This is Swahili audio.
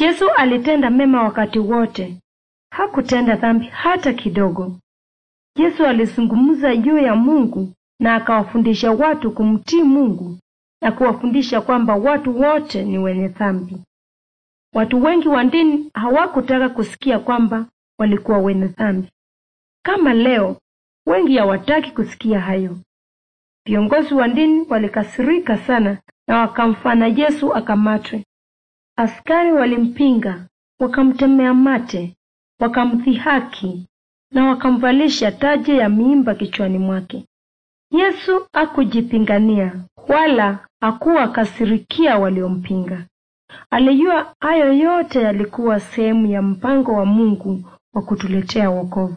Yesu alitenda mema wakati wote. Hakutenda dhambi hata kidogo. Yesu alizungumza juu ya Mungu na akawafundisha watu kumtii Mungu na kuwafundisha kwamba watu wote ni wenye dhambi. Watu wengi wa dini hawakutaka kusikia kwamba walikuwa wenye dhambi. Kama leo, wengi hawataki kusikia hayo. Viongozi wa dini walikasirika sana na wakamfanya Yesu akamatwe. Askari walimpinga, wakamtemea mate, wakamdhihaki na wakamvalisha taji ya miimba kichwani mwake. Yesu akujipingania wala hakuwa kasirikia waliompinga. Alijua hayo yote yalikuwa sehemu ya mpango wa Mungu wa kutuletea wokovu.